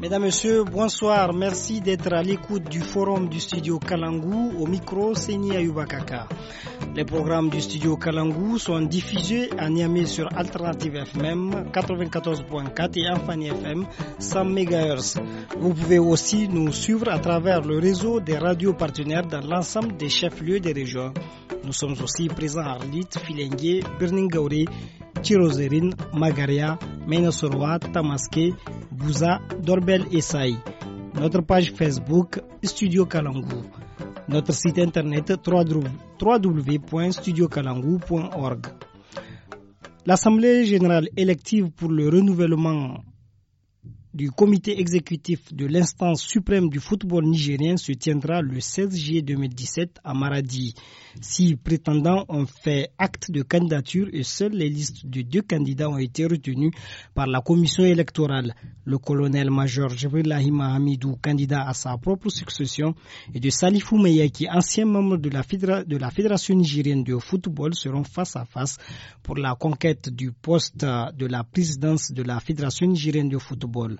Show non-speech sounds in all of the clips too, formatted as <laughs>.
Mesdames, Messieurs, bonsoir. Merci d'être à l'écoute du forum du studio Kalangou. Au micro, Seni Ayubakaka. Les programmes du studio Kalangu sont diffusés à Niamey sur Alternative FM 94.4 et Infani FM 100 MHz. Vous pouvez aussi nous suivre à travers le réseau des radios partenaires dans l'ensemble des chefs-lieux des régions. Nous sommes aussi présents à Arlit, Filengue, Birningauri, Tirozerine, Magaria, Menosoroa, Tamaske, Bouza, Dorbel et Saï notre page Facebook Studio Kalangu, notre site internet www.studiokalangu.org. L'Assemblée générale élective pour le renouvellement du comité exécutif de l'instance suprême du football nigérien se tiendra le 16 juillet 2017 à Maradi. Six prétendants ont fait acte de candidature et seules les listes de deux candidats ont été retenues par la commission électorale. Le colonel-major Lahima Hamidou, candidat à sa propre succession, et de Salifou Meyaki, ancien membre de la, de la Fédération nigérienne de football, seront face à face pour la conquête du poste de la présidence de la Fédération nigérienne de football.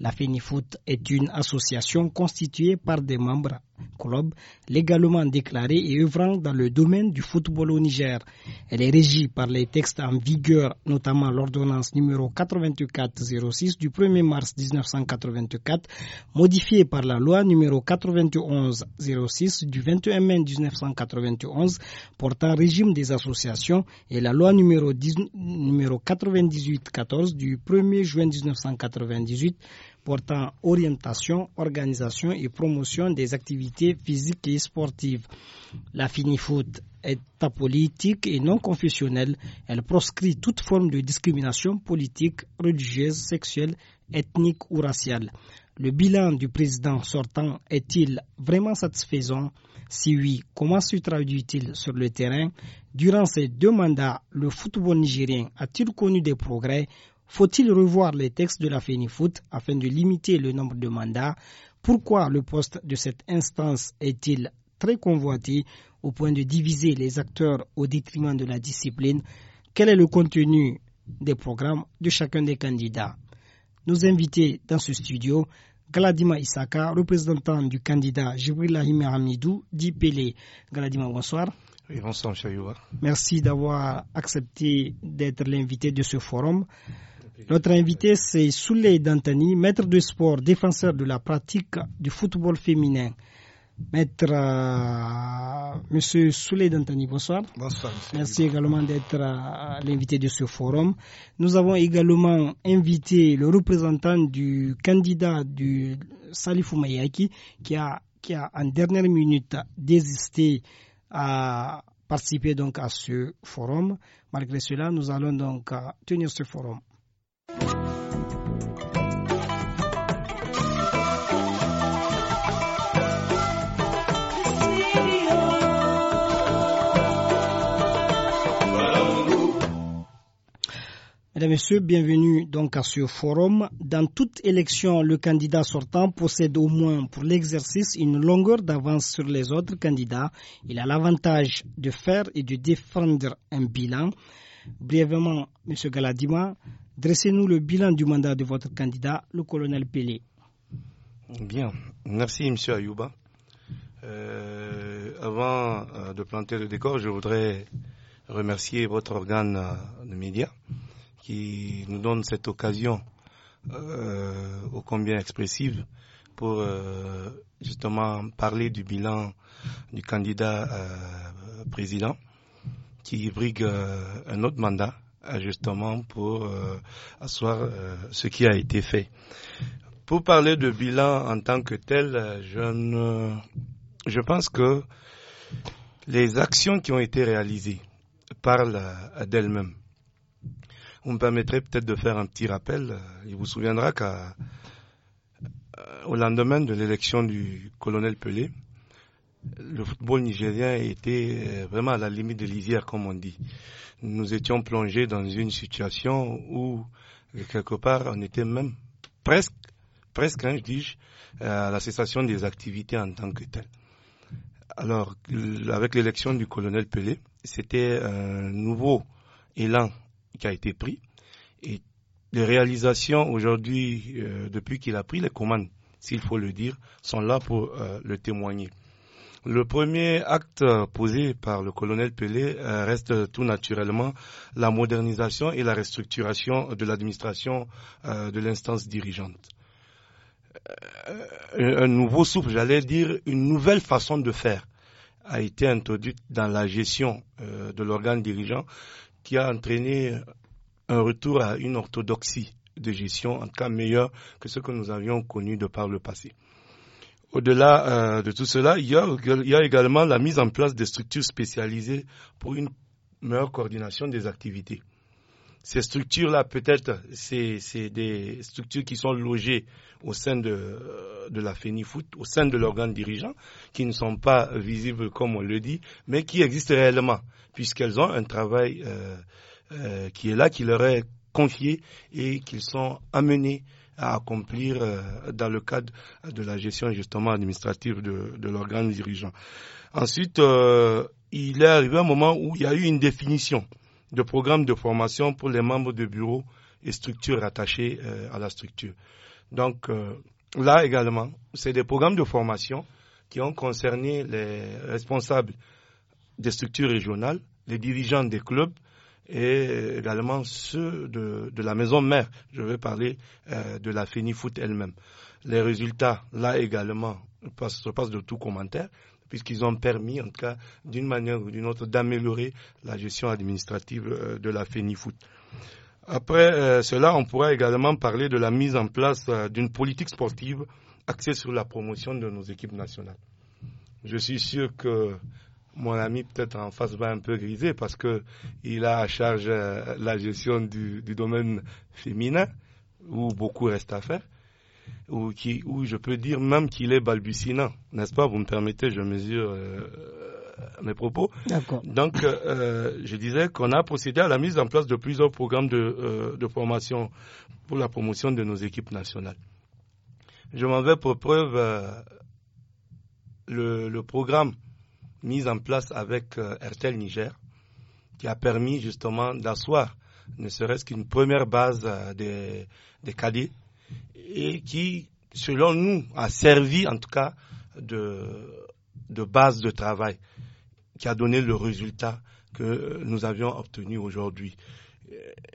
La FENIFOOT est une association constituée par des membres clubs légalement déclarés et œuvrant dans le domaine du football au Niger. Elle est régie par les textes en vigueur, notamment l'ordonnance numéro 06 du 1er mars 1984, modifiée par la loi numéro 06 du 21 mai 1991 portant régime des associations et la loi numéro, 98-14 9814 du 1er juin 1998 portant orientation, organisation et promotion des activités physiques et sportives. La FINIFOOT est apolitique et non confessionnelle. Elle proscrit toute forme de discrimination politique, religieuse, sexuelle, ethnique ou raciale. Le bilan du président sortant est-il vraiment satisfaisant Si oui, comment se traduit-il sur le terrain Durant ces deux mandats, le football nigérien a-t-il connu des progrès faut-il revoir les textes de la FENIFOOT afin de limiter le nombre de mandats Pourquoi le poste de cette instance est-il très convoité au point de diviser les acteurs au détriment de la discipline Quel est le contenu des programmes de chacun des candidats Nous invités dans ce studio, Galadima Isaka, représentant du candidat Jibril Lahime Hamidou, dit Galadima, bonsoir. bonsoir, Merci d'avoir accepté d'être l'invité de ce forum. Notre invité, c'est Souley Dantani, maître de sport, défenseur de la pratique du football féminin. Maître euh, Monsieur Souley Dantani, bonsoir. Bonsoir. Merci également d'être euh, l'invité de ce forum. Nous avons également invité le représentant du candidat du Salifou Mayaki qui a, qui a en dernière minute désisté à participer donc à ce forum. Malgré cela, nous allons donc euh, tenir ce forum. Mesdames, et Messieurs, bienvenue donc à ce forum. Dans toute élection, le candidat sortant possède au moins pour l'exercice une longueur d'avance sur les autres candidats. Il a l'avantage de faire et de défendre un bilan. Brièvement, Monsieur Galadima, Dressez-nous le bilan du mandat de votre candidat, le colonel Pelé. Bien, merci M. Ayouba. Euh, avant euh, de planter le décor, je voudrais remercier votre organe euh, de médias qui nous donne cette occasion euh, ô combien expressive pour justement parler du bilan du candidat président qui brigue un autre mandat justement pour euh, asseoir euh, ce qui a été fait. Pour parler de bilan en tant que tel, euh, je, ne, je pense que les actions qui ont été réalisées parlent d'elles-mêmes. Vous me permettrez peut-être de faire un petit rappel. Il vous souviendra qu'au lendemain de l'élection du colonel Pelé, le football nigérien était vraiment à la limite de l'isière, comme on dit nous étions plongés dans une situation où, quelque part, on était même presque, presque, hein, je dis, à la cessation des activités en tant que telles. Alors, avec l'élection du colonel Pelé, c'était un nouveau élan qui a été pris. Et les réalisations aujourd'hui, euh, depuis qu'il a pris les commandes, s'il faut le dire, sont là pour euh, le témoigner. Le premier acte posé par le colonel Pelé euh, reste tout naturellement la modernisation et la restructuration de l'administration euh, de l'instance dirigeante. Euh, un nouveau souffle, j'allais dire une nouvelle façon de faire, a été introduite dans la gestion de l'organe dirigeant qui a entraîné un retour à une orthodoxie de gestion, en tout cas meilleure que ce que nous avions connu de par le passé. Au-delà euh, de tout cela, il y, a, également la mise en place de structures spécialisées pour une meilleure coordination des activités. Ces structures-là, peut-être, c'est des structures qui sont logées au sein de, euh, la FENIFOOT, au sein de l'organe dirigeant, qui ne sont pas visibles comme on le dit, mais qui existent réellement, puisqu'elles ont un travail euh, qui est là, qui leur est confié et qu'ils sont amenés à accomplir euh, dans le cadre de la gestion justement administrative de, de l'organe dirigeant. Ensuite, euh, il est arrivé un moment où il y a eu une définition de programme de formation pour les membres de bureaux et structures rattachées euh, à la structure. Donc là également, c'est des programmes de formation qui ont concerné les responsables des structures régionales, les dirigeants des clubs, et également ceux de, de la maison mère. Je vais parler euh, de la Fenifoot elle-même. Les résultats, là également, se passent de tout commentaire puisqu'ils ont permis, en tout cas, d'une manière ou d'une autre, d'améliorer la gestion administrative euh, de la FENIFOOT. Après euh, cela, on pourra également parler de la mise en place d'une politique sportive axée sur la promotion de nos équipes nationales. Je suis sûr que mon ami peut-être en face va un peu griser parce que il a à charge euh, la gestion du, domaine féminin où beaucoup reste à faire, où, qui, où je peux dire même qu'il est balbutinant, n'est-ce pas Vous me permettez, je mesure euh, mes propos. Donc, euh, je disais qu'on a procédé à la mise en place de plusieurs programmes de, formation pour la promotion de nos équipes nationales. Je m'en vais pour preuve le, le programme mise en place avec euh, Niger, qui a permis justement d'asseoir ne serait-ce qu'une première base euh, des, cadets et qui, selon nous, a servi en tout cas de, de base de travail qui a donné le résultat que nous avions obtenu aujourd'hui.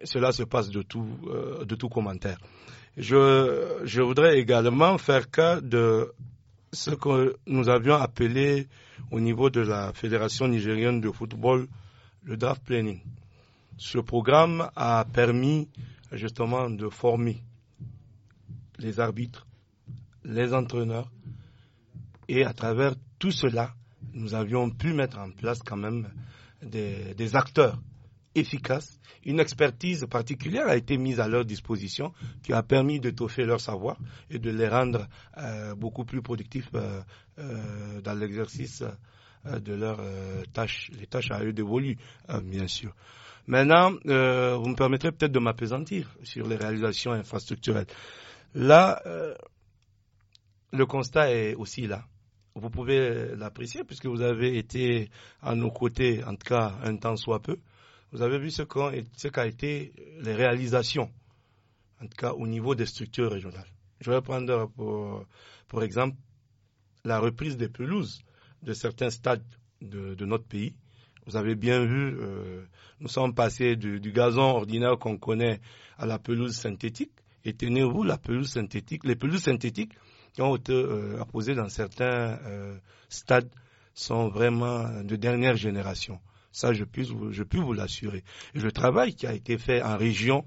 Cela se passe de tout, euh, de tout commentaire. Je, je voudrais également faire cas de ce que nous avions appelé au niveau de la Fédération nigérienne de football le draft planning. Ce programme a permis justement de former les arbitres, les entraîneurs, et à travers tout cela, nous avions pu mettre en place quand même des, des acteurs efficace. Une expertise particulière a été mise à leur disposition qui a permis de leur savoir et de les rendre euh, beaucoup plus productifs euh, euh, dans l'exercice de leurs tâches, les tâches à eux dévolues, bien sûr. Maintenant, vous me permettrez peut-être de m'apesantir sur les réalisations infrastructurelles. Là, le constat est aussi là. Vous pouvez l'apprécier puisque vous avez été à nos côtés, en tout cas un temps soit peu, vous avez vu ce qu'ont été les réalisations, en tout cas au niveau des structures régionales. Je vais prendre pour, exemple la reprise des pelouses de certains stades de, notre pays. Vous avez bien vu, euh, nous sommes passés du, gazon ordinaire qu'on connaît à la pelouse synthétique. Et tenez-vous, la pelouse synthétique, les pelouses synthétiques qui ont été euh, dans certains euh, stades sont vraiment de dernière génération. Ça, je, puis, je puis vous l'assurer. Le travail qui a été fait en région,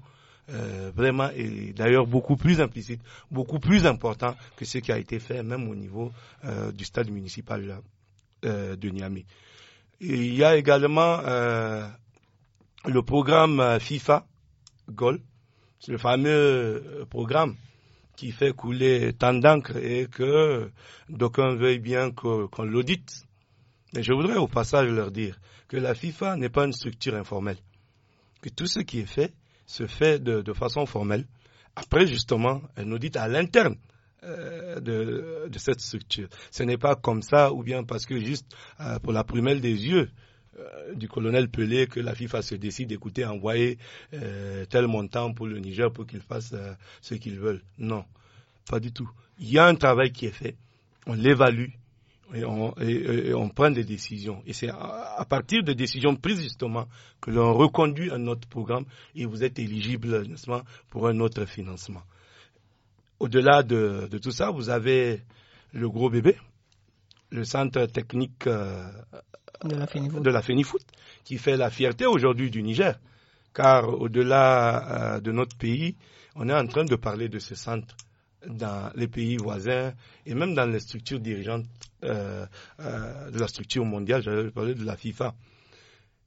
euh, vraiment, et d'ailleurs beaucoup plus implicite, beaucoup plus important que ce qui a été fait même au niveau euh, du stade municipal euh, de Niamey. il y a également euh, le programme FIFA Goal, c'est le fameux programme qui fait couler tant d'encre et que d'aucuns veuillent bien qu'on l'audite je voudrais au passage leur dire que la FIFA n'est pas une structure informelle, que tout ce qui est fait se fait de, façon formelle, après justement elle nous dit à l'interne euh, de, cette structure. Ce n'est pas comme ça, ou bien parce que juste euh, pour la prumelle des yeux, euh, du colonel Pelé que la FIFA se décide d'écouter, envoyer tel montant pour le Niger pour qu'il fasse ce qu'ils veulent. Non, pas du tout. Il y a un travail qui est fait, on l'évalue, et on, prend des décisions. Et c'est à, partir des décisions prises justement que l'on reconduit un autre programme et vous êtes éligible, justement, pour un autre financement. Au-delà de, tout ça, vous avez le gros bébé, le centre technique euh, de, la FENIFOOT, qui fait la fierté aujourd'hui du Niger. Car au-delà euh, de notre pays, on est en train de parler de ce centre dans les pays voisins et même dans les structures dirigeantes euh, euh, de la structure mondiale, j'avais parlé de la FIFA.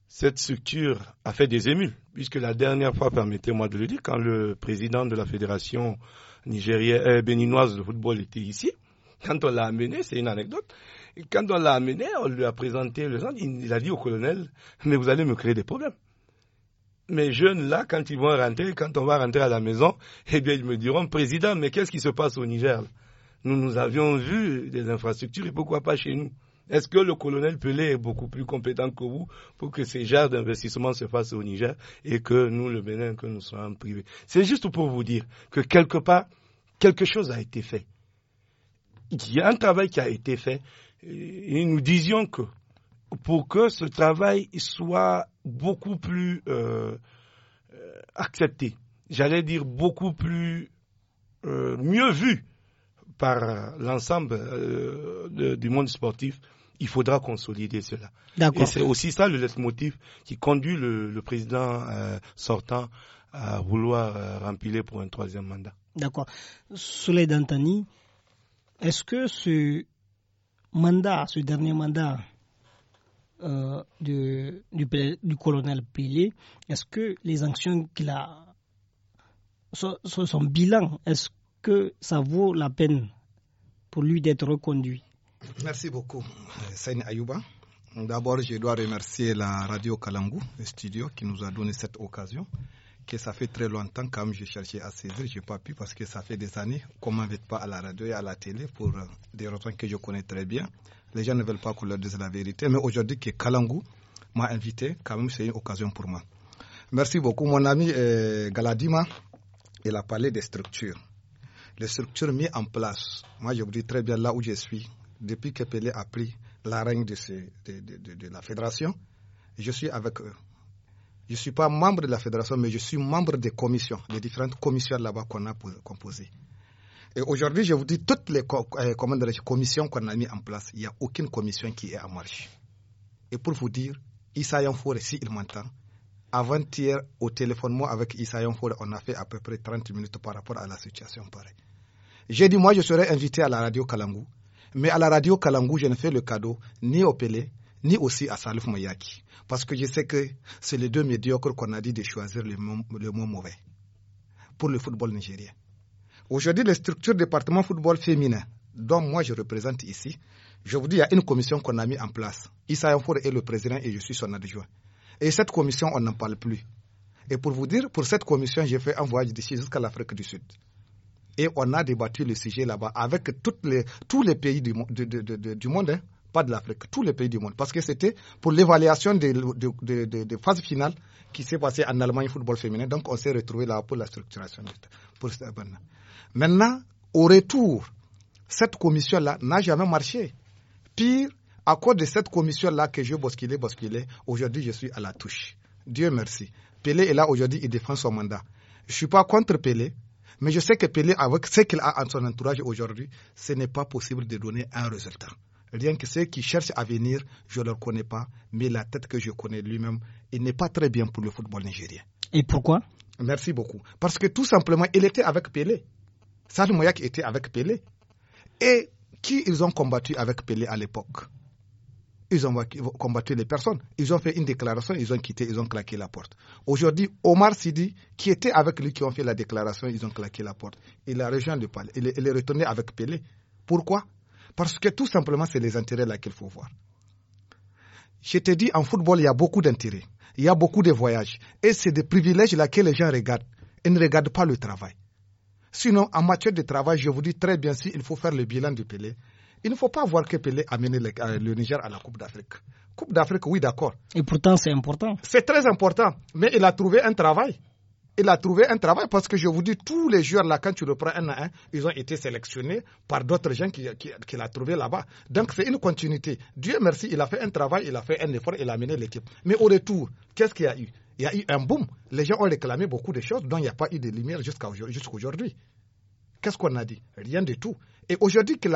Cette structure a fait des émules, puisque la dernière fois, permettez-moi de le dire, quand le président de la fédération nigérienne, euh, béninoise de football était ici, quand on l'a amené, c'est une anecdote, quand on l'a amené, on lui a présenté le centre, il a dit au colonel, mais vous allez me créer des problèmes mes jeunes là, quand ils vont rentrer, quand on va rentrer à la maison, eh bien, ils me diront, président, mais qu'est-ce qui se passe au Niger Nous, nous avions vu des infrastructures et pourquoi pas chez nous Est-ce que le colonel Pelé est beaucoup plus compétent que vous pour que ces genres d'investissement se fassent au Niger et que nous, le Bénin, que nous soyons privés C'est juste pour vous dire que quelque part, quelque chose a été fait. Il y a un travail qui a été fait et nous disions que pour que ce travail soit beaucoup plus euh, accepté. J'allais dire beaucoup plus euh, mieux vu par l'ensemble euh, du monde sportif. Il faudra consolider cela. Et c'est aussi ça le leitmotiv qui conduit le, le président euh, sortant à vouloir euh, remplir pour un troisième mandat. D'accord. Soleil Dantani, est-ce que ce mandat, ce dernier mandat euh, de, du, colonel Pelé, est-ce que les actions qu'il a, son, son bilan, est-ce que ça vaut la peine pour lui d'être reconduit Merci beaucoup, Sain Ayouba. D'abord, je dois remercier la radio Kalangou, le studio, qui nous a donné cette occasion. Que ça fait très longtemps, quand j'ai je cherchais à saisir, je n'ai pas pu parce que ça fait des années qu'on ne m'invite pas à la radio et à la télé pour euh, des raisons que je connais très bien. Les gens ne veulent pas qu'on leur dise la vérité. Mais aujourd'hui, que Kalangu m'a invité, quand même, c'est une occasion pour moi. Merci beaucoup. Mon ami euh, Galadima, il a parlé des structures. Les structures mises en place. Moi, je vous dis très bien là où je suis. Depuis que Pelé a pris la règne de, de, de la fédération, je suis avec eux. Je ne suis pas membre de la fédération, mais je suis membre des commissions, des différentes commissions là-bas qu'on a composées. Et aujourd'hui, je vous dis, toutes les euh, commissions qu'on a mis en place, il n'y a aucune commission qui est en marche. Et pour vous dire, Issa si s'il m'entend, avant-hier, au téléphone, moi, avec Issa Yanfour, on a fait à peu près 30 minutes par rapport à la situation pareille. J'ai dit, moi, je serai invité à la radio Kalangou. Mais à la radio Kalangou, je ne fais le cadeau ni au Pelé, ni aussi à Salif Moyaki. Parce que je sais que c'est les deux médiocres qu'on a dit de choisir le moins le mot mauvais pour le football nigérien. Aujourd'hui, les structures département football féminin, dont moi je représente ici, je vous dis, il y a une commission qu'on a mise en place. Issa Yanfour est le président et je suis son adjoint. Et cette commission, on n'en parle plus. Et pour vous dire, pour cette commission, j'ai fait un voyage d'ici jusqu'à l'Afrique du Sud. Et on a débattu le sujet là-bas avec toutes tous les pays du, monde, hein, pas de l'Afrique, tous les pays du monde. Parce que c'était pour l'évaluation des, des phases finales qui s'est passé en Allemagne football féminin. Donc on s'est retrouvé là pour la structuration. Maintenant, au retour, cette commission-là n'a jamais marché. Pire, à cause de cette commission-là que je bosquilais, bosquille aujourd'hui je suis à la touche. Dieu merci. Pelé est là aujourd'hui, il défend son mandat. Je ne suis pas contre Pelé, mais je sais que Pelé, avec ce qu'il a en son entourage aujourd'hui, ce n'est pas possible de donner un résultat. Rien que ceux qui cherchent à venir, je ne le connais pas, mais la tête que je connais lui-même, il n'est pas très bien pour le football nigérien. Et pourquoi Merci beaucoup. Parce que tout simplement, il était avec Pelé. Sadio Moyak était avec Pelé. Et qui ils ont combattu avec Pelé à l'époque ils ont combattu les personnes, ils ont fait une déclaration, ils ont quitté, ils ont claqué la porte. Aujourd'hui, Omar Sidi, qui était avec lui, qui ont fait la déclaration, ils ont claqué la porte. Il a rejoint le palais, il est, il retourné avec Pelé. Pourquoi Parce que tout simplement, c'est les intérêts là qu'il faut voir. Je te dis, en football, il y a beaucoup d'intérêts il y a beaucoup de voyages. Et c'est des privilèges que les gens regardent. Ils ne regardent pas le travail. Sinon, en matière de travail, je vous dis très bien, s'il faut faire le bilan du Pelé, il ne faut pas voir que Pelé a mené euh, le Niger à la Coupe d'Afrique. Coupe d'Afrique, oui, d'accord. Et pourtant, c'est important. C'est très important. Mais il a trouvé un travail il a trouvé un travail parce que je vous dis, tous les joueurs là, quand tu le prends un à un, ils ont été sélectionnés par d'autres gens qu'il qui, qui, a trouvé là-bas. Donc c'est une continuité. Dieu merci, il a fait un travail, il a fait un effort, il a mené l'équipe. Mais au retour, qu'est-ce qu'il y a eu Il y a eu un boom. Les gens ont réclamé beaucoup de choses dont il n'y a pas eu de lumière jusqu'à aujourd'hui. Qu'est-ce qu'on a dit Rien de tout. Et aujourd'hui qu'il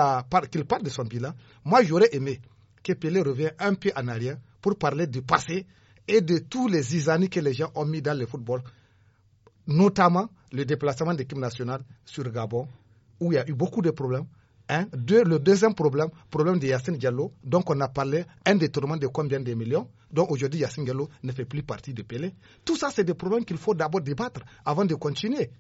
qu'il parle de son bilan, moi j'aurais aimé que Pelé revienne un peu en arrière pour parler du passé et de tous les isanis que les gens ont mis dans le football notamment le déplacement d'équipe nationale sur Gabon, où il y a eu beaucoup de problèmes. Un, hein. deux, le deuxième problème, problème de Yassine Diallo, donc on a parlé un détournement de combien de millions, donc aujourd'hui Yassine Diallo ne fait plus partie de Pelé. Tout ça, c'est des problèmes qu'il faut d'abord débattre avant de continuer.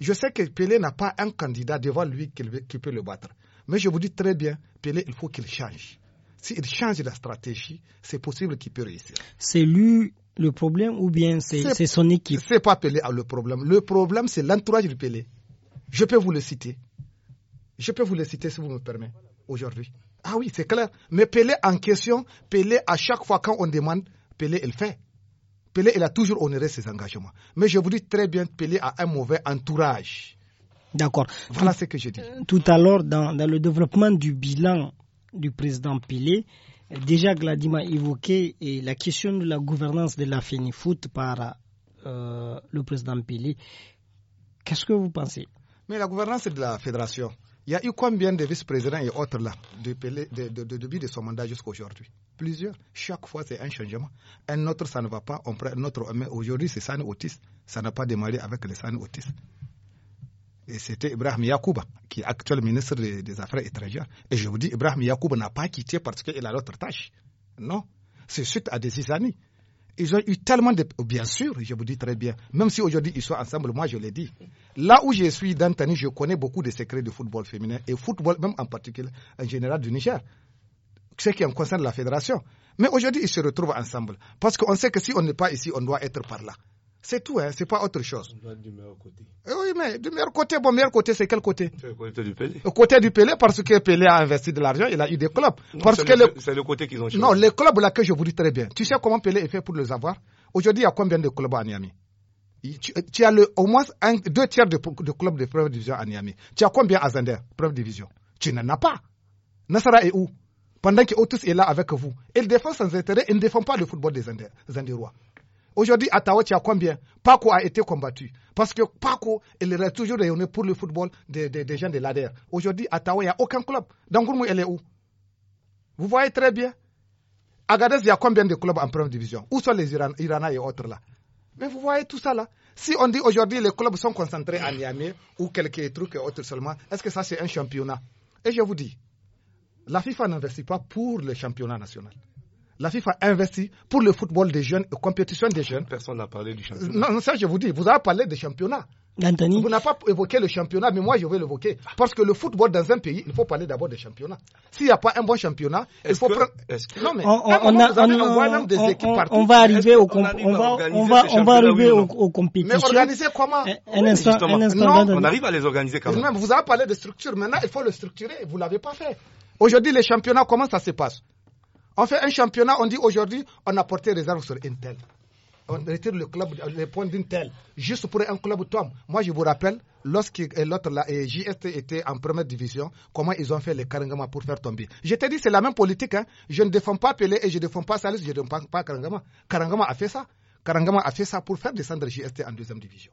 Je sais que Pelé n'a pas un candidat devant lui qui peut le battre. Mais je vous dis très bien, Pelé, il faut qu'il change. S'il change la stratégie, c'est possible qu'il puisse réussir. C'est lui le problème ou bien c'est son équipe C'est pas Pelé à le problème. Le problème, c'est l'entourage de Pelé. Je peux vous le citer. Je peux vous le citer si vous me permettez aujourd'hui. Ah oui, c'est clair. Mais Pelé en question, Pelé, à chaque fois quand on demande, Pelé, elle fait. Pelé, il a toujours honoré ses engagements. Mais je vous dis très bien, Pelé a un mauvais entourage. D'accord. Voilà ce que je dis. Euh, tout à l'heure, dans, dans, le développement du bilan du président Pelé, Déjà, Gladim a évoqué la question de la gouvernance de la foot par euh, le président Pili. Qu'est-ce que vous pensez Mais la gouvernance de la fédération, il y a eu combien de vice-présidents et autres là depuis de, début de son mandat jusqu'à aujourd'hui Plusieurs. Chaque fois, c'est un changement. Un autre, ça ne va pas. Mais aujourd'hui, c'est San Otis. Ça n'a pas démarré avec les San Otis et c'était Ibrahim Yacouba, qui est actuel ministre des, Affaires étrangères. Et je vous dis, Ibrahim Yacouba n'a pas quitté parce qu'il a l'autre tâche. Non, c'est suite à des années. Ils ont eu tellement de... Bien sûr, je vous dis très bien. Même si aujourd'hui ils sont ensemble, moi je l'ai dit. Là où je suis d'Antani, je connais beaucoup de secrets du football féminin et football même en particulier, en général du Niger. Ce qui en concerne la fédération. Mais aujourd'hui, ils se retrouvent ensemble. Parce qu'on sait que si on n'est pas ici, on doit être par là. C'est tout, hein, c'est pas autre chose. du meilleur côté. Eh oui, mais du meilleur côté, bon, meilleur côté, c'est quel côté C'est le côté du Pelé. Le côté du Pelé, parce que Pelé a investi de l'argent, il a eu des clubs. que C'est le côté qu'ils ont choisi. Non, les clubs là que je vous dis très bien. Tu sais comment Pelé est fait pour les avoir Aujourd'hui, il y a combien de clubs à Niamey tu, as le, au moins deux tiers de, de clubs de première division à Niamey. Tu as combien à Zender, première division Tu n'en as pas. Nassara est où Pendant que Otus est là avec vous. Il défend sans intérêt, il ne défend pas le football des Zender, Aujourd'hui, à il tu as combien Paco a été combattu. Parce que Paco, il est toujours réuni pour le football des, gens de l'ADR. Aujourd'hui, à Tao, il n'y a aucun club. Gourmou, elle est où Vous voyez très bien. Agadez, il y a combien de clubs en première division Où sont les Irana et autres là Mais vous voyez tout ça là. Si on dit aujourd'hui les clubs sont concentrés à Niamey ou quelques trucs et autres seulement, est-ce que ça c'est un championnat Et je vous dis, la FIFA n'investit pas pour le championnat national. La FIFA investit pour le football des jeunes et compétition des jeunes. Personne n'a parlé du championnat. Non, ça je vous dis, vous avez parlé des championnats. Vous n'avez pas évoqué le championnat, mais moi je vais l'évoquer. Parce que le football dans un pays, il faut parler d'abord des championnats. S'il n'y a pas un bon championnat, il faut prendre. Non, mais on, on, va arriver au on aux, compétitions. Mais organiser comment non, on arrive à les organiser quand même. Vous avez parlé de structure. Maintenant, il faut le structurer. Vous ne l'avez pas fait. Aujourd'hui, les championnats, comment ça se passe on fait un championnat, on dit aujourd'hui, on a porté réserve sur une telle. On retire le club, les points d'une telle, juste pour un club tom. Moi, je vous rappelle, lorsque l'autre, JST était en première division, comment ils ont fait les Karangama pour faire tomber. Je t'ai dit, c'est la même politique. Hein. Je ne défends pas Pelé et je ne défends pas Salis, je ne défends pas Karangama. Karangama a fait ça. Karangama a fait ça pour faire descendre JST en deuxième division.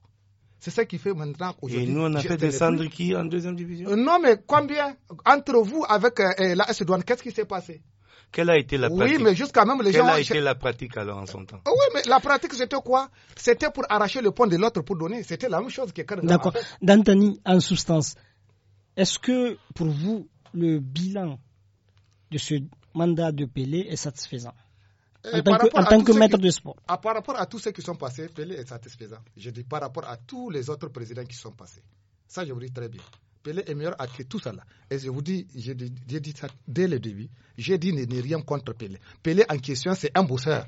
C'est ça qui fait maintenant aujourd'hui. Et nous, on a fait descendre qui en deuxième division euh, Non, mais combien Entre vous avec euh, la S-Douane, qu'est-ce qui s'est passé quelle a été la pratique Oui, mais jusqu'à même les Quelle Quelle a été la pratique alors en son temps oh Oui, mais la pratique c'était quoi C'était pour arracher le pont de l'autre pour donner. C'était la même chose que D'accord. D'Antani, en substance, est-ce que pour vous le bilan de ce mandat de Pelé est satisfaisant euh, en tant, que, maître de sport. Ah, par rapport à tous ceux qui sont passés, Pelé est satisfaisant. Je dis par rapport à tous les autres présidents qui sont passés. Ça, je vous dis très bien. Pelé est meilleur à tout ça là. Et je vous dis, j'ai dit ça dès le début, j'ai dit ne, rien contre Pelé. Pelé en question, c'est un bosseur.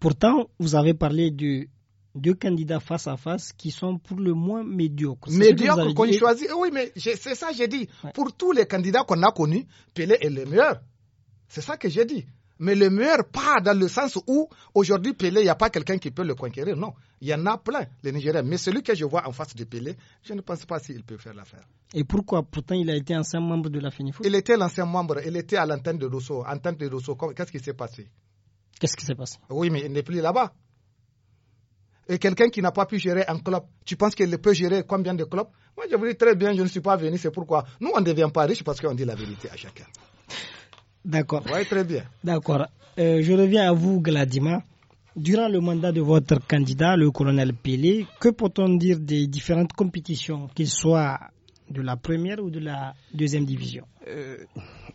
Pourtant, vous avez parlé de deux candidats face à face qui sont pour le moins médiocres. Médiocres qu'on choisit. Oui, mais c'est ça j'ai dit. Pour tous les candidats qu'on a connus, Pelé est le meilleur. C'est ça que j'ai dit mais le meilleur pas dans le sens où aujourd'hui Pelé, il n'y a pas quelqu'un qui peut le conquérir. Non, il y en a plein, les Nigériens. Mais celui que je vois en face de Pelé, je ne pense pas s'il peut faire l'affaire. Et pourquoi Pourtant, il a été ancien membre de la FENIFO. Il était l'ancien membre, il était à l'antenne de Rousseau. Antenne de Rousseau, qu'est-ce qui s'est passé Qu'est-ce qui s'est passé Oui, mais il n'est plus là-bas. Et quelqu'un qui n'a pas pu gérer un club, tu penses qu'il peut gérer combien de clubs Moi, je vous dis très bien, je ne suis pas venu, c'est pourquoi. Nous, on ne devient pas riche parce qu'on dit la vérité à chacun. D'accord. très bien. D'accord. Euh, je reviens à vous, Gladima. Durant le mandat de votre candidat, le colonel Pelé, que peut-on dire des différentes compétitions, qu'ils soient de la première ou de la deuxième division euh,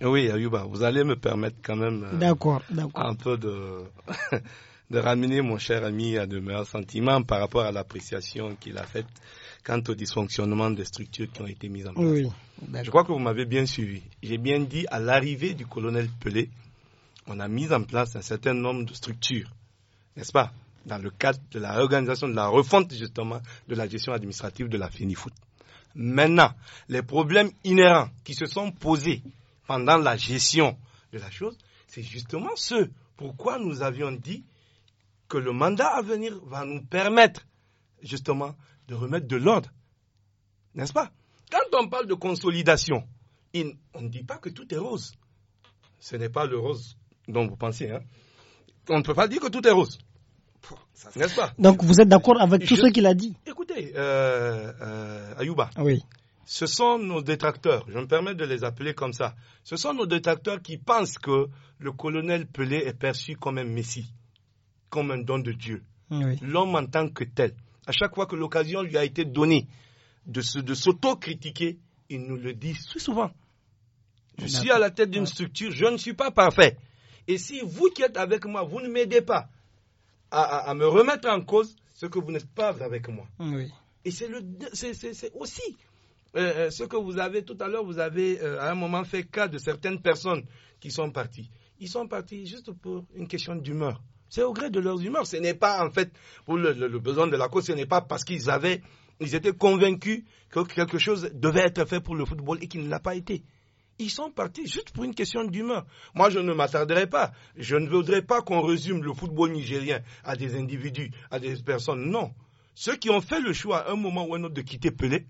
Oui, Ayuba, vous allez me permettre quand même euh, un peu de, <laughs> de ramener mon cher ami à de meilleurs sentiments par rapport à l'appréciation qu'il a faite quant au dysfonctionnement des structures qui ont été mises en place. je crois que vous m'avez bien suivi. J'ai bien dit, à l'arrivée du colonel Pelé, on a mis en place un certain nombre de structures, n'est-ce pas Dans le cadre de la réorganisation, de la refonte justement de la gestion administrative de la Finifoot. Maintenant, les problèmes inhérents qui se sont posés pendant la gestion de la chose, c'est justement ce pourquoi nous avions dit que le mandat à venir va nous permettre justement de remettre de l'ordre. N'est-ce pas Quand on parle de consolidation, on ne dit pas que tout est rose. Ce n'est pas le rose dont vous pensez. Hein. On ne peut pas dire que tout est rose. N'est-ce pas Donc vous êtes d'accord avec tout ce qu'il a dit Écoutez, euh, euh, Ayouba. Oui. Ce sont nos détracteurs, je me permets de les appeler comme ça. Ce sont nos détracteurs qui pensent que le colonel Pelé est perçu comme un messie, comme un don de Dieu. L'homme en tant que tel. À chaque fois que l'occasion lui a été donnée de s'auto-critiquer, il nous le dit souvent. Je suis à la tête d'une structure, je ne suis pas parfait. Et si vous qui êtes avec moi, vous ne m'aidez pas à, me remettre en cause, ce que vous n'êtes pas avec moi. Et c'est aussi euh, euh, ce que vous avez tout à l'heure, vous avez euh, à un moment fait cas de certaines personnes qui sont parties. Ils sont partis juste pour une question d'humeur. C'est au gré de leurs humeurs. Ce n'est pas, en fait, pour le, besoin de la cause, ce n'est pas parce qu'ils avaient, ils étaient convaincus que quelque chose devait être fait pour le football et qu'il ne l'a pas été. Ils sont partis juste pour une question d'humeur. Moi, je ne m'attarderai pas. Je ne voudrais pas qu'on résume le football nigérien à des individus, à des personnes. Non. Ceux qui ont fait le choix à un moment ou à un autre de quitter Pelé,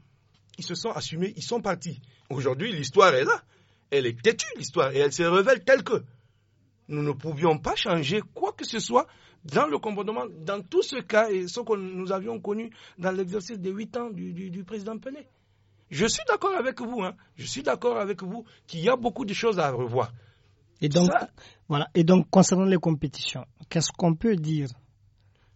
ils se sont assumés, ils sont partis. Aujourd'hui, l'histoire est là. Elle est têtue, l'histoire, et elle se révèle telle que nous ne pouvions pas changer quoi que ce soit dans le comportement, dans tout ce cas et ce que nous avions connu dans l'exercice des huit ans du, président Pelé. Je suis d'accord avec vous, hein, je suis d'accord avec vous qu'il y a beaucoup de choses à revoir. Et donc, voilà. Et donc concernant les compétitions, qu'est-ce qu'on peut dire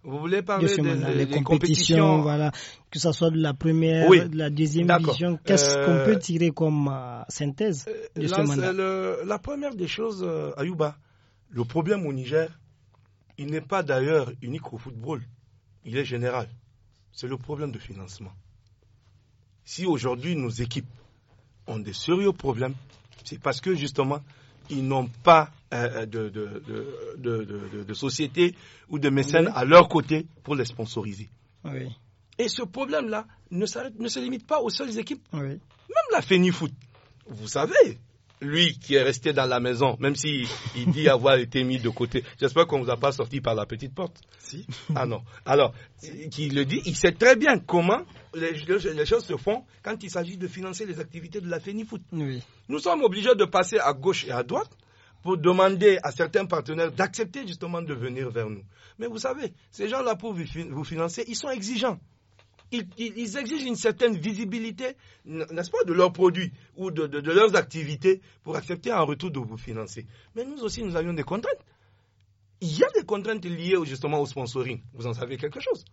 vous voulez parler des, des, compétitions, voilà, que ce soit de la première, de la deuxième division. Qu'est-ce euh, qu'on peut tirer comme euh, synthèse de la, euh, ce le, la première des choses, Ayouba, le problème au Niger, il n'est pas d'ailleurs unique au football, il est général. C'est le problème de financement. Si aujourd'hui nos équipes ont des sérieux problèmes, c'est parce que justement, ils n'ont pas euh, euh, de, de, de, société ou de mécènes à leur côté pour les sponsoriser. Et ce problème-là ne, ne, se limite pas aux seules équipes. Même la FENIFOOT, vous savez, lui qui est resté dans la maison, même s'il il dit avoir été mis de côté. J'espère qu'on ne vous a pas sorti par la petite porte. Si. <laughs> Ah non. Alors, qui le dit, il sait très bien comment les, les choses se font quand il s'agit de financer les activités de la FENIFOOT. Oui. Nous sommes obligés de passer à gauche et à droite pour demander à certains partenaires d'accepter justement de venir vers nous. Mais vous savez, ces gens-là, pour vous financer, ils sont exigeants ils, exigent une certaine visibilité, n'est-ce pas, de leurs produits ou de, leurs activités pour accepter un retour de vous financer. Mais nous aussi, nous avions des contraintes. Il y a des contraintes liées justement au sponsoring. Vous en savez quelque chose,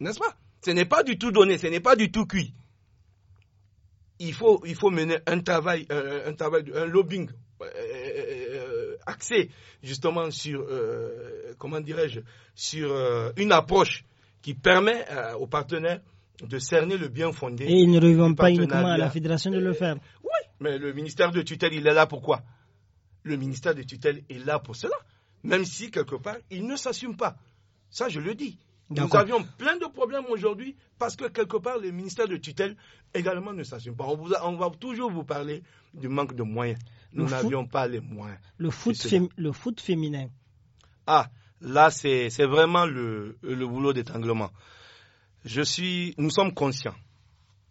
n'est-ce pas Ce n'est pas du tout donné, ce n'est pas du tout cuit. Il faut, il faut mener un travail, un, travail, lobbying euh, euh, euh, axé justement sur, comment dirais-je, sur une approche qui permet euh, aux partenaires de cerner le bien fondé. Et ils ne revient pas uniquement à la fédération de le euh, faire. oui, mais le ministère de tutelle, il est là pour quoi Le ministère de tutelle est là pour cela, même si quelque part, il ne s'assume pas. Ça, je le dis. Nous avions plein de problèmes aujourd'hui parce que quelque part, le ministère de tutelle également ne s'assume pas. On, on, va toujours vous parler du manque de moyens. Nous n'avions pas les moyens. Le foot, le foot féminin. Ah, Là, c'est vraiment le, boulot d'étanglement. Je suis, nous sommes conscients,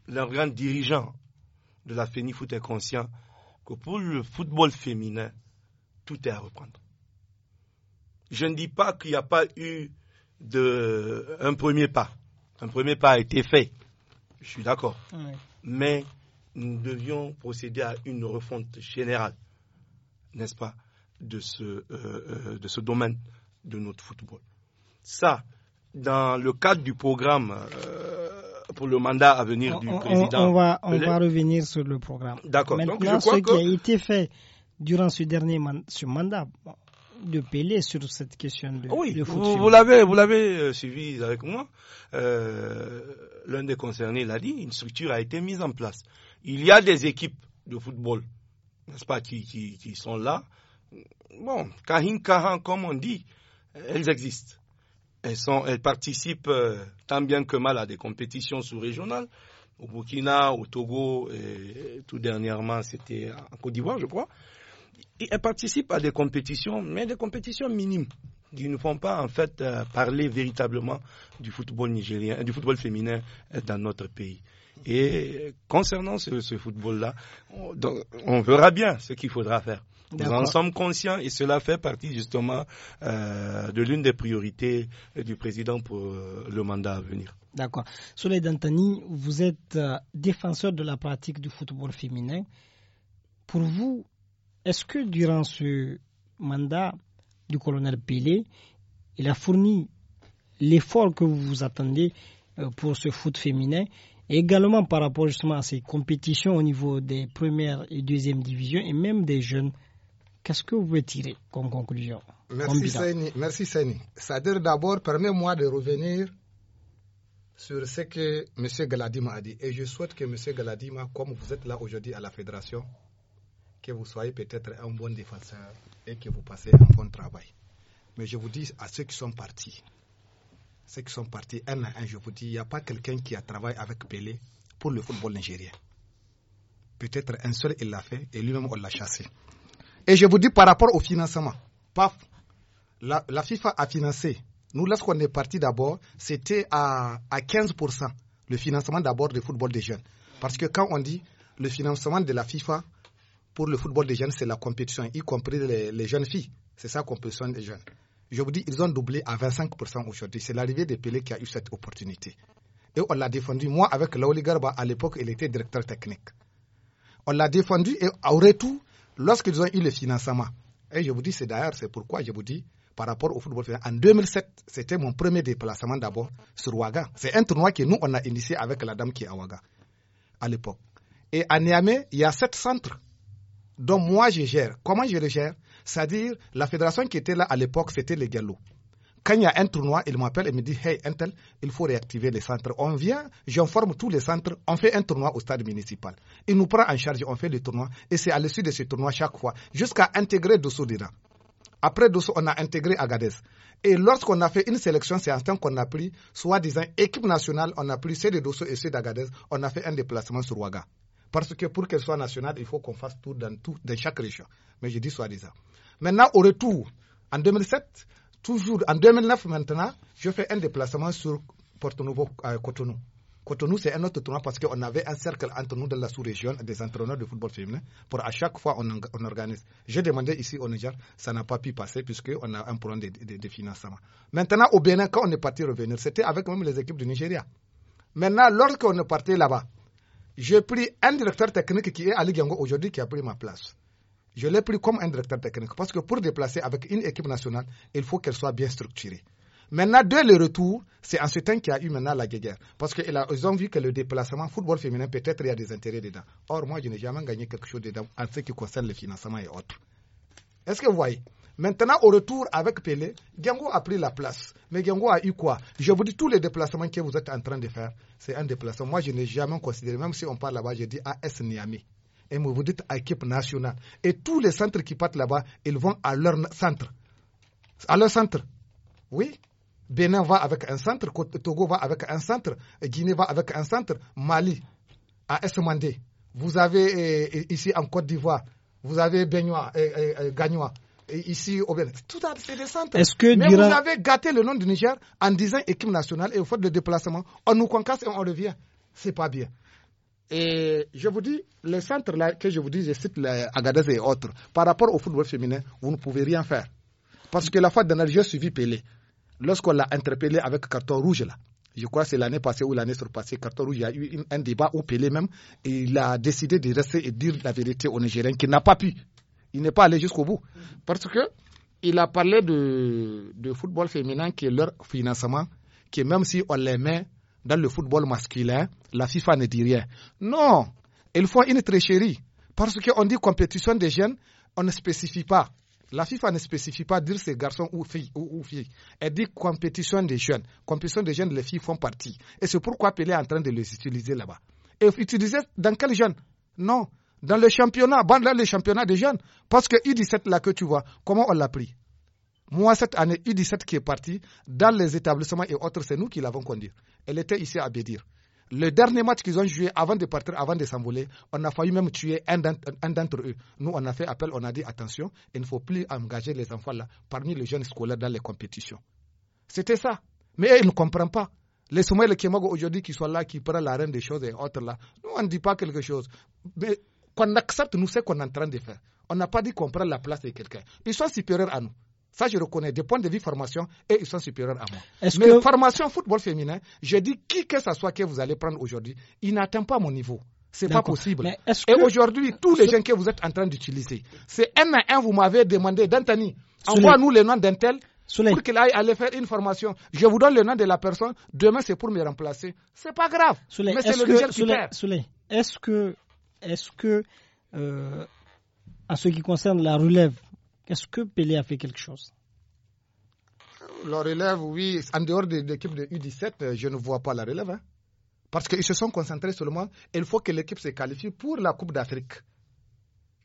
grand dirigeant de la FENIFOOT est conscient que pour le football féminin, tout est à reprendre. Je ne dis pas qu'il n'y a pas eu de, un premier pas. Un premier pas a été fait. Je suis d'accord. Mais nous devions procéder à une refonte générale, n'est-ce pas, de ce, euh, euh, de ce domaine de notre football. Ça, dans le cadre du programme euh, pour le mandat à venir du président. On, va, on va revenir sur le programme. D'accord. Maintenant, ce qui a été fait durant ce dernier ce mandat de Pélé sur cette question de, football. Vous, l'avez, vous l'avez euh, suivi avec moi. Euh, l'un des concernés l'a dit. Une structure a été mise en place. Il y a des équipes de football, n'est-ce pas, qui, qui, sont là. Bon, Karim Kahan, comme on dit, elles existent. Elles, participent euh, tant bien que mal à des compétitions sous-régionales. Au Burkina, au Togo, et, tout dernièrement, c'était en Côte d'Ivoire, je crois. Et elles participent à des compétitions, mais des compétitions minimes, qui ne font pas en fait euh, parler véritablement du football du football féminin euh, dans notre pays. Et concernant ce, football-là, on verra bien ce qu'il faudra faire. Nous en sommes conscients et cela fait partie justement euh, de l'une des priorités du président pour euh, le mandat à venir. D'accord. Soleil Dantani, vous êtes euh, défenseur de la pratique du football féminin. Pour vous, est-ce que durant ce mandat du colonel Pelé, il a fourni l'effort que vous vous attendez pour ce foot féminin et également par rapport justement à ces compétitions au niveau des premières et deuxièmes divisions et même des jeunes Qu'est-ce que vous voulez tirer comme conclusion Merci Saini. C'est-à-dire d'abord, permets-moi de revenir sur ce que M. Galadima a dit. Et je souhaite que M. Galadima, comme vous êtes là aujourd'hui à la Fédération, que vous soyez peut-être un bon défenseur et que vous passez un bon travail. Mais je vous dis à ceux qui sont partis, ceux qui sont partis un à un, je vous dis, il n'y a pas quelqu'un qui a travaillé avec Pelé pour le football nigérien. Peut-être un seul, il l'a fait et lui-même, on l'a chassé. Et je vous dis par rapport au financement. Paf, la, FIFA a financé. Nous, lorsqu'on est parti d'abord, c'était à, à 15% le financement d'abord du football des jeunes. Parce que quand on dit le financement de la FIFA pour le football des jeunes, c'est la compétition, y compris les, jeunes filles. C'est ça, qu'on peut soigner des jeunes. Je vous dis, ils ont doublé à 25% aujourd'hui. C'est l'arrivée des Pelé qui a eu cette opportunité. Et on l'a défendu. Moi, avec Laoli Garba, à l'époque, il était directeur technique. On l'a défendu et tout lorsqu'ils ont eu le financement, et je vous dis, c'est d'ailleurs, c'est pourquoi je vous dis, par rapport au football féminin. En 2007, c'était mon premier déplacement d'abord sur Ouaga. C'est un tournoi que nous, on a initié avec la dame qui est à Ouaga, à l'époque. Et à Niamey, il y a sept centres dont moi je gère. Comment je les gère C'est-à-dire, la fédération qui était là à l'époque, c'était les Gallo quand il y a un tournoi, il m'appelle et me dit Hey, Intel, il faut réactiver les centres. On vient, j'informe tous les centres, on fait un tournoi au stade municipal. Il nous prend en charge, on fait le tournoi. Et c'est à l'issue de ce tournoi chaque fois, jusqu'à intégrer Dosso dedans. Après Dosso, on a intégré Agadez. Et lorsqu'on a fait une sélection, c'est en temps qu'on a pris, soi-disant, équipe nationale, on a pris ceux de Dosso et ceux d'Agadez, on a fait un déplacement sur Ouaga. Parce que pour qu'elle soit nationale, il faut qu'on fasse tout dans, tout dans chaque région. Mais je dis soi-disant. Maintenant, au retour, en 2007, toujours en 2009 maintenant, je fais un déplacement sur Porto Nouveau euh, à Cotonou. Cotonou, c'est un autre tournoi parce qu'on avait un cercle entre nous de la sous-région des entraîneurs de football féminin pour à chaque fois on, organise. J'ai demandé ici au Niger, ça n'a pas pu passer puisqu'on a un problème de, financement. Maintenant, au Bénin, quand on est parti revenir, c'était avec même les équipes du Nigeria. Maintenant, lorsqu'on est parti là-bas, j'ai pris un directeur technique qui est Ali Gango aujourd'hui qui a pris ma place. Je l'ai pris comme un directeur technique parce que pour déplacer avec une équipe nationale, il faut qu'elle soit bien structurée. Maintenant, dès le retour, c'est en ce temps qu'il y a eu maintenant la guerre. Parce qu'ils ont vu que le déplacement football féminin, peut-être, il y a des intérêts dedans. Or, moi, je n'ai jamais gagné quelque chose dedans en ce qui concerne le financement et autres. Est-ce que vous voyez Maintenant, au retour avec Pelé, Gengou a pris la place. Mais Gengou a eu quoi Je vous dis, tous les déplacements que vous êtes en train de faire, c'est un déplacement. Moi, je n'ai jamais considéré, même si on parle là-bas, je dis AS Niami et vous dites équipe nationale. Et tous les centres qui partent là-bas, ils vont à leur centre. À leur centre. Oui. Bénin va avec un centre, Togo va avec un centre, Guinée va avec un centre, Mali, à Esmandé. Vous avez eh, eh, ici en Côte d'Ivoire, vous avez et eh, Gagnois. Et ici au Bénin. Tout ça, c'est des centres. Est-ce que Mais vous avez gâté le nom du Niger en disant équipe nationale et au fait de déplacement. On nous concasse et on revient. C'est pas bien. Et je vous dis, le centre là, que je vous dis, je cite Agadez et autres, par rapport au football féminin, vous ne pouvez rien faire. Parce que la fois dernière, j'ai suivi Pelé. Lorsqu'on l'a interpellé avec carton rouge là, je crois que c'est l'année passée ou l'année surpassée, carton rouge, il y a eu un débat où Pelé même, et il a décidé de rester et dire la vérité au Nigériens Qui n'a pas pu. Il n'est pas allé jusqu'au bout. Parce que il a parlé de, de football féminin qui est leur financement, qui même si on les met dans le football masculin, la FIFA ne dit rien. Non, il faut une tricherie. Parce qu'on dit compétition des jeunes, on ne spécifie pas. La FIFA ne spécifie pas dire c'est garçons ou filles, ou, filles. Elle dit compétition des jeunes. Compétition des jeunes, les filles font partie. Et c'est pourquoi Pélé est en train de les utiliser là-bas. Et utiliser dans quel jeune Non. Dans le championnat, là le championnat des jeunes. Parce que U17 là que tu vois, comment on l'a pris moi, cette année, U17 qui est partie dans les établissements et autres, c'est nous qui l'avons conduite. Elle était ici à Bédir. Le dernier match qu'ils ont joué avant de partir, avant de s'envoler, on a failli même tuer un d'entre eux. Nous, on a fait appel, on a dit attention, il ne faut plus engager les enfants là parmi les jeunes scolaires dans les compétitions. C'était ça. Mais ils ne comprennent pas. Les qui les aujourd'hui qui sont là, qui prennent la reine des choses et autres là, nous, on ne dit pas quelque chose. Mais qu'on accepte, nous, ce qu'on est en train de faire. On n'a pas dit qu'on prend la place de quelqu'un. Ils sont supérieurs à nous. Ça, je reconnais. Des points de vue formation, et ils sont supérieurs à moi. Mais formation football féminin, je dis qui que ce soit que vous allez prendre aujourd'hui, il n'atteint pas mon niveau. C'est pas possible. et aujourd'hui, tous les gens que vous êtes en train d'utiliser, c'est un à un, vous m'avez demandé, D'Antani, envoie-nous le nom d'un tel pour qu'il aille faire une formation. Je vous donne le nom de la personne, demain c'est pour me remplacer. C'est pas grave. mais c'est le que, qui est-ce que, est-ce que, euh, en ce qui concerne la relève, est-ce que Pelé a fait quelque chose Leur relève, oui. En dehors de l'équipe de U17, euh, je ne vois pas la relève. Hein. Parce qu'ils se sont concentrés seulement. Il faut que l'équipe se qualifie pour la Coupe d'Afrique.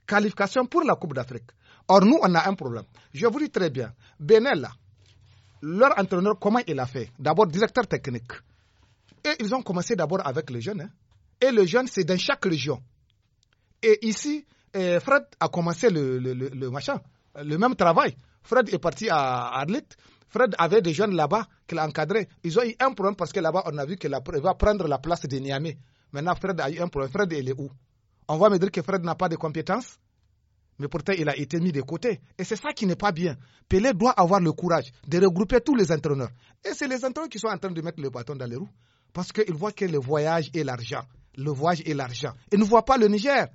Qualification pour la Coupe d'Afrique. Or, nous, on a un problème. Je vous dis très bien. Benel, leur entraîneur, comment il a fait D'abord, directeur technique. Et ils ont commencé d'abord avec les jeunes. Hein. Et les jeunes, c'est dans chaque région. Et ici, euh, Fred a commencé le machin le même travail. Fred est parti à Arlit. Fred avait des jeunes là-bas qu'il encadrait. Ils ont eu un problème parce que là-bas, on a vu qu'il va prendre la place de Niamey. Maintenant, Fred a eu un problème. Fred, il est où On va me dire que Fred n'a pas de compétences, mais pourtant, il a été mis de côté. Et c'est ça qui n'est pas bien. Pelé doit avoir le courage de regrouper tous les entraîneurs. Et c'est les entraîneurs qui sont en train de mettre le bâton dans les roues parce qu'ils voient que le voyage est l'argent. Le voyage est l'argent. Ils ne voient pas le Niger.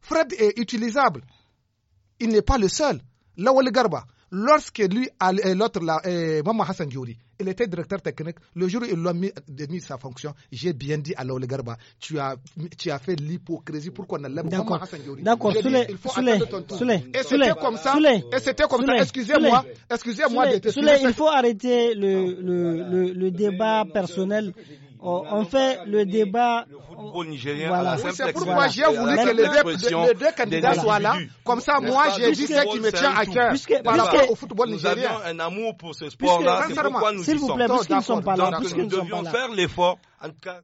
Fred est utilisable il n'est pas le seul. Lawal Garba, lorsque lui et l'autre, Maman Hassan Diouri, il était directeur technique, le jour où il lui mis, mis, sa fonction, j'ai bien dit à La Garba, tu as, tu as fait l'hypocrisie Pourquoi on a Maman Hassan Diouri. D'accord, Il faut Et c'était comme ça, et c'était comme ça, excusez-moi, excusez-moi il faut arrêter le, le, le débat personnel on, fait le débat. Le football nigérien voilà. C'est pourquoi j'ai voulu que les deux, candidats soient là. Comme ça, moi, j'ai dit ce qui me tient à cœur par rapport au football nigérien. Nous avions un amour pour ce sport-là. C'est pourquoi nous S'il vous plaît, puisqu'ils ne sont pas là. nous devions faire l'effort. En tout cas.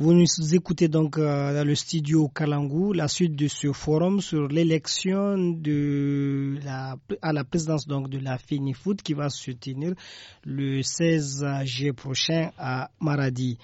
Vous nous écoutez donc euh, dans le studio Kalangu, la suite de ce forum sur l'élection de la, à la présidence donc de la FINIFOOT qui va se tenir le 16 juillet prochain à Maradi.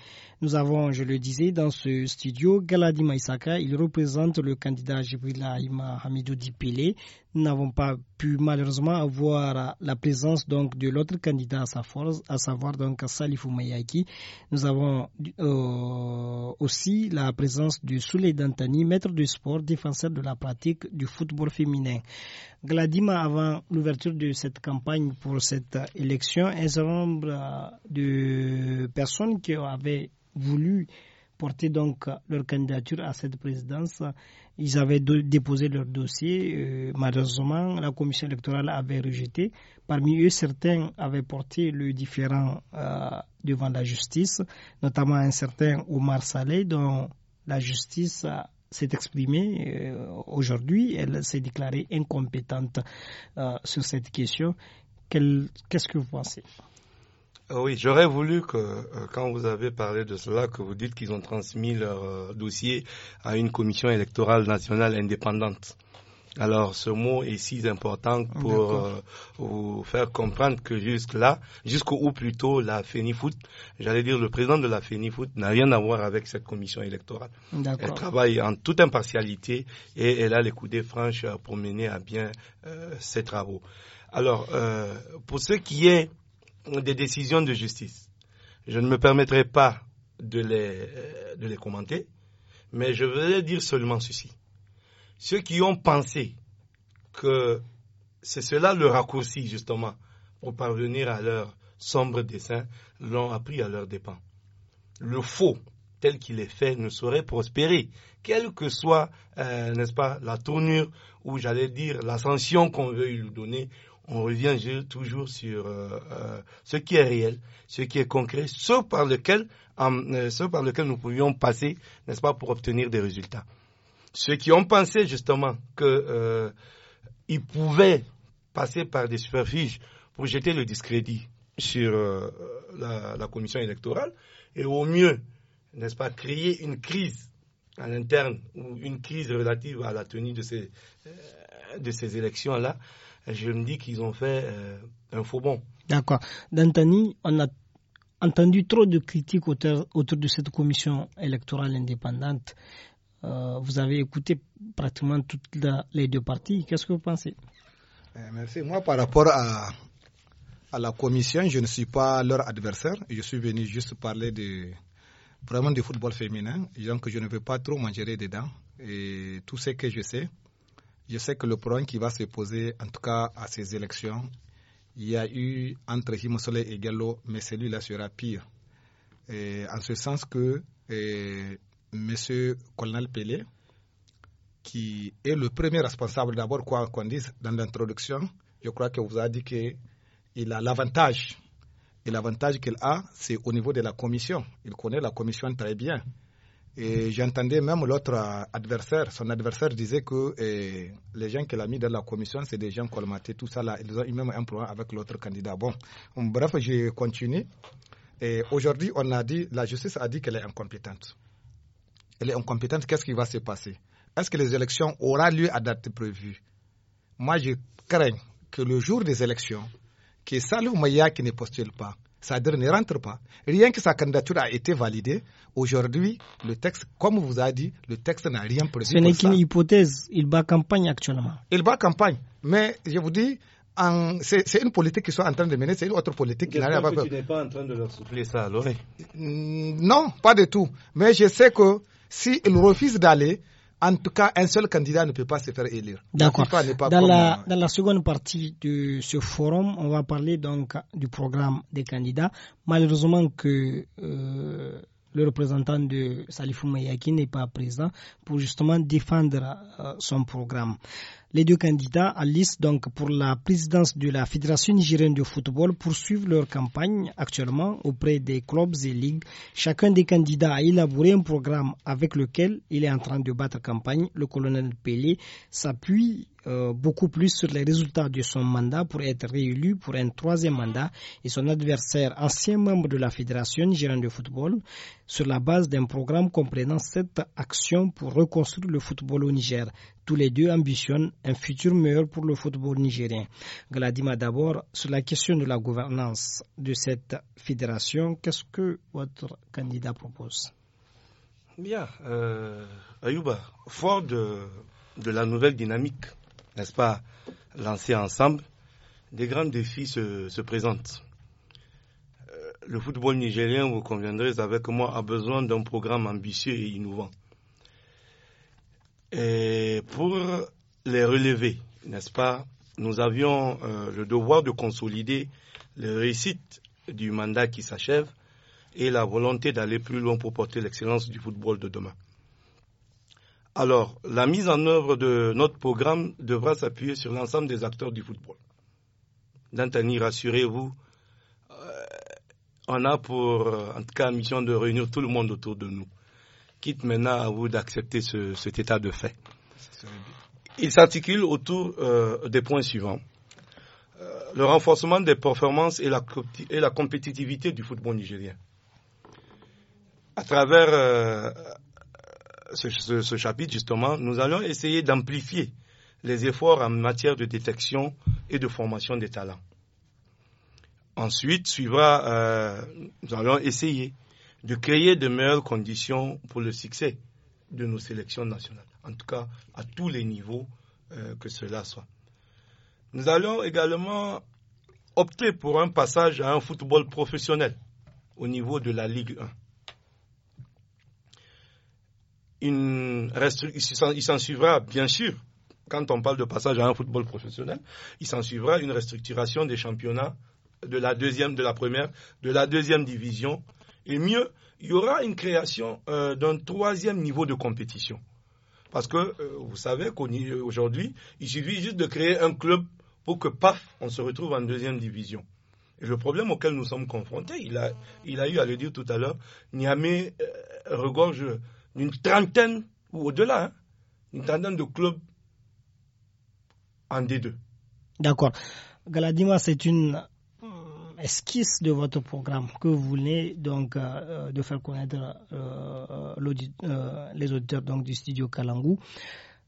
Nous avons, je le disais, dans ce studio Galadima Isaka. Il représente le candidat Jibrila Ima Hamidou Dipele. Nous n'avons pas pu malheureusement avoir la présence donc de l'autre candidat à sa force, à savoir donc Salifou Mayaki. Nous avons euh, aussi la présence de Souley Dantani, maître de sport, défenseur de la pratique du football féminin. Gladima, avant l'ouverture de cette campagne pour cette élection, un certain nombre de personnes qui avaient voulu porter donc leur candidature à cette présidence. Ils avaient déposé leur dossier. Euh, malheureusement, la commission électorale avait rejeté. Parmi eux, certains avaient porté le différent euh, devant la justice, notamment un certain Omar Saleh, dont la justice euh, s'est exprimée aujourd'hui. Elle s'est déclarée incompétente sur cette question. Qu'est-ce que vous pensez euh, oui, j'aurais voulu que, euh, quand vous avez parlé de cela, que vous dites qu'ils ont transmis leur euh, dossier à une commission électorale nationale indépendante. Alors, ce mot est si important pour vous faire comprendre que jusque-là, jusqu'où plutôt la FENIFOOT, j'allais dire le président de la FENIFOOT n'a rien à voir avec cette commission électorale. Elle travaille en toute impartialité et elle a les coudées franches pour mener à bien ses travaux. Alors, pour ce qui est des décisions de justice. Je ne me permettrai pas de les, euh, de les commenter, mais je voudrais dire seulement ceci. Ceux qui ont pensé que c'est cela le raccourci, justement, pour parvenir à leur sombre dessein, l'ont appris à leur dépens. Le faux, tel qu'il est fait, ne saurait prospérer, quelle que soit, euh, n'est-ce pas, la tournure ou, j'allais dire, l'ascension qu'on veuille lui donner on revient toujours sur euh, euh, ce qui est réel, ce qui est concret, ce par lequel, euh, par lequel nous pouvions passer, n'est-ce pas, pour obtenir des résultats. Ceux qui ont pensé justement qu'ils pouvaient passer par des superfiges pour jeter le discrédit sur la, commission électorale et au mieux, n'est-ce pas, créer une crise à l'interne ou une crise relative à la tenue de ces, de ces élections-là, je me dis qu'ils ont fait euh, un faux bond. D'accord. D'Antani, on a entendu trop de critiques autour, de cette commission électorale indépendante. Euh, vous avez écouté pratiquement toutes les deux parties. Qu'est-ce que vous pensez euh, Merci. Moi, par rapport à, la commission, je ne suis pas leur adversaire. Je suis venu juste parler de, vraiment du football féminin. je ne veux pas trop m'en dedans. Et tout ce que je sais, je sais que le problème qui va se poser, en tout cas à ces élections, il y a eu entre Himosole et Gallo, mais celui-là sera pire. en ce sens que M. Colonel Pelé, qui est le premier responsable, d'abord quoi qu'on dise dans l'introduction, je crois que vous a dit qu'il a l'avantage. Et l'avantage qu'il a, c'est au niveau de la commission. Il connaît la commission très bien. Et j'entendais même l'autre adversaire, son adversaire disait que eh, les gens qu'il a mis dans la commission, c'est des gens colmatés, tout ça là. Ils ont eu même un problème avec l'autre candidat. Bon, bref, j'ai continué Et aujourd'hui, on a dit, la justice a dit qu'elle est incompétente. Elle est incompétente, qu'est-ce qui va se passer Est-ce que les élections auront lieu à date prévue Moi, je crains que le jour des élections, que Salou Maya qui ne postule pas, cest à ne rentre pas. Rien que sa candidature a été validée, aujourd'hui, le texte, comme vous a dit, le texte n'a rien prévu. Ce n'est qu'une hypothèse. Il bat campagne actuellement. Il bat campagne. Mais je vous dis, c'est une politique qu'ils sont en train de mener, c'est une autre politique qui n'arrive pas. tu n'es pas en train de leur souffler ça alors Non, pas du tout. Mais je sais que s'ils si refusent d'aller, en tout cas, un seul candidat ne peut pas se faire élire. D'accord. Dans, la, seconde partie de ce forum, on va parler donc du programme des candidats. Malheureusement que euh, le représentant de Salifou Mayaki n'est pas présent pour justement défendre euh, son programme. Les deux candidats à liste donc pour la présidence de la Fédération nigérienne de football poursuivent leur campagne actuellement auprès des clubs et ligues. Chacun des candidats a élaboré un programme avec lequel il est en train de battre campagne. Le colonel Pelé s'appuie euh, beaucoup plus sur les résultats de son mandat pour être réélu pour un troisième mandat et son adversaire, ancien membre de la Fédération nigérienne de football, sur la base d'un programme comprenant sept actions pour reconstruire le football au Niger. Tous les deux ambitionnent un futur meilleur pour le football nigérien. Gladima d'abord, sur la question de la gouvernance de cette fédération, qu'est-ce que votre candidat propose Bien, euh, Ayouba, fort de, la nouvelle dynamique, n'est-ce pas, lancée ensemble, des grands défis se, se présentent euh, le football nigérien, vous conviendrez avec moi, a besoin d'un programme ambitieux et innovant. Et pour les relever, n'est-ce pas Nous avions euh, le devoir de consolider le réussite du mandat qui s'achève et la volonté d'aller plus loin pour porter l'excellence du football de demain. Alors, la mise en œuvre de notre programme devra s'appuyer sur l'ensemble des acteurs du football. D'Antani, rassurez-vous, euh, on a pour, euh, en tout cas, mission de réunir tout le monde autour de nous quitte maintenant à vous d'accepter cet état de fait. Il s'articule autour euh, des points suivants. Euh, le renforcement des performances et la, et la, compétitivité du football nigérien. À travers euh, ce, ce, chapitre, justement, nous allons essayer d'amplifier les efforts en matière de détection et de formation des talents. Ensuite, suivra, nous allons essayer de créer de meilleures conditions pour le succès de nos sélections nationales, en tout cas à tous les niveaux euh, que cela soit. Nous allons également opter pour un passage à un football professionnel au niveau de la Ligue 1. Une il s'en suivra, bien sûr, quand on parle de passage à un football professionnel, il s'en suivra une restructuration des championnats de la deuxième, de la première, de la deuxième division et mieux, il y aura une création euh, d'un troisième niveau de compétition. Parce que euh, vous savez qu'aujourd'hui, il suffit juste de créer un club pour que, paf, on se retrouve en deuxième division. Et le problème auquel nous sommes confrontés, il a, il a eu à le dire tout à l'heure, Niame euh, regorge d'une trentaine ou au-delà, hein, d'une une trentaine de clubs en D2. D'accord. Galadima, c'est une esquisse de votre programme que vous venez donc euh, euh, de faire connaître euh, les auditeurs donc du studio Kalangu.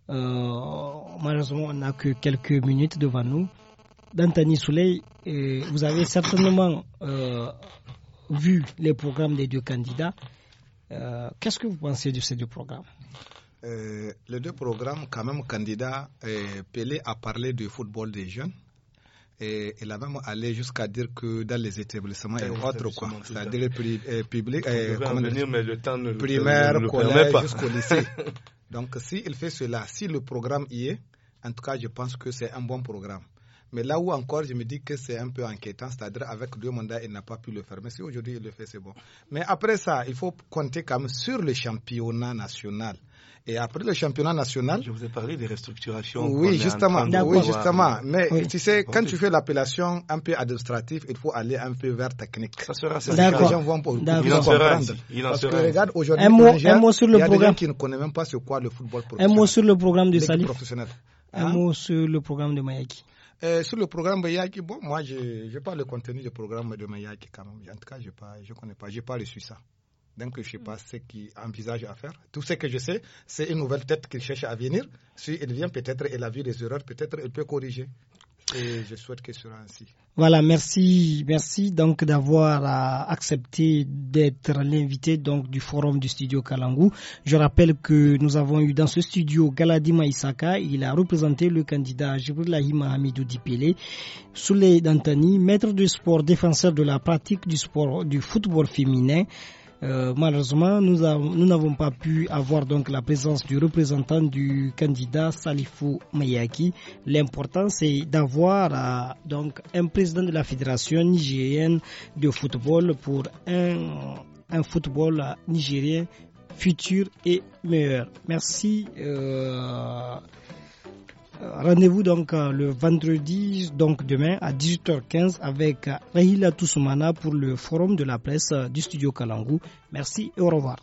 malheureusement, on n'a que quelques minutes devant nous. Dantani Soleil, vous avez certainement vu les programmes des deux candidats. Qu'est-ce que vous pensez de ces deux programmes Les deux programmes, quand même, candidats, Pelé a parlé du football des jeunes. Et, et là-bas, aller jusqu'à dire que dans les établissements et autres, quoi. C'est-à-dire euh, public, euh, primaire, collège, jusqu'au lycée. <laughs> Donc, s'il fait cela, si le programme y est, en tout cas, je pense que c'est un bon programme. Mais là où encore, je me dis que c'est un peu inquiétant, c'est-à-dire avec deux mandats, il n'a pas pu le faire. Mais si aujourd'hui il le fait, c'est bon. Mais après ça, il faut compter quand même sur le championnat national. Et après le championnat national. Je vous ai parlé des restructurations. Oui, justement. Oui, justement. Mais tu sais, quand tu fais l'appellation un peu administrative, il faut aller un peu vers technique. Ça sera ça. Les gens vont pour, Il en sera Parce que regarde, aujourd'hui, un mot, sur le il y a programme. qui ne même pas ce quoi le football professionnel. Un mot sur le programme de Salut. Un hein? mot sur le programme de Mayaki. Euh, sur le programme Yaki, bon, moi, je n'ai pas le contenu du programme de Yaki quand même. En tout cas, je ne connais pas, je n'ai pas ça. Donc, je ne sais pas mm. ce qu'il envisage à faire. Tout ce que je sais, c'est une nouvelle tête qu'il cherche à venir. Si elle vient, peut-être elle a vu des erreurs, peut-être elle peut corriger. Et je souhaite que ce soit ainsi. Voilà, merci, merci donc d'avoir euh, accepté d'être l'invité donc du forum du studio Kalangu. Je rappelle que nous avons eu dans ce studio Galadima Isaka, il a représenté le candidat Jibrilahi Hamidou Dipele, Souley Dantani, maître du sport, défenseur de la pratique du sport du football féminin, euh, malheureusement, nous, n'avons pas pu avoir donc la présence du représentant du candidat Salifou Mayaki. L'important, c'est d'avoir euh, donc un président de la fédération nigérienne de football pour un, football nigérien futur et meilleur. Merci. Euh, Rendez-vous donc euh, le vendredi, donc demain à 18h15 avec euh, Rahila Toussoumana pour le forum de la presse euh, du studio Kalangou. Merci et au revoir.